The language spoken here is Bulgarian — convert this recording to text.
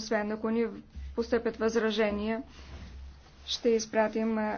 освен ако ни постъпят възражения, ще изпратим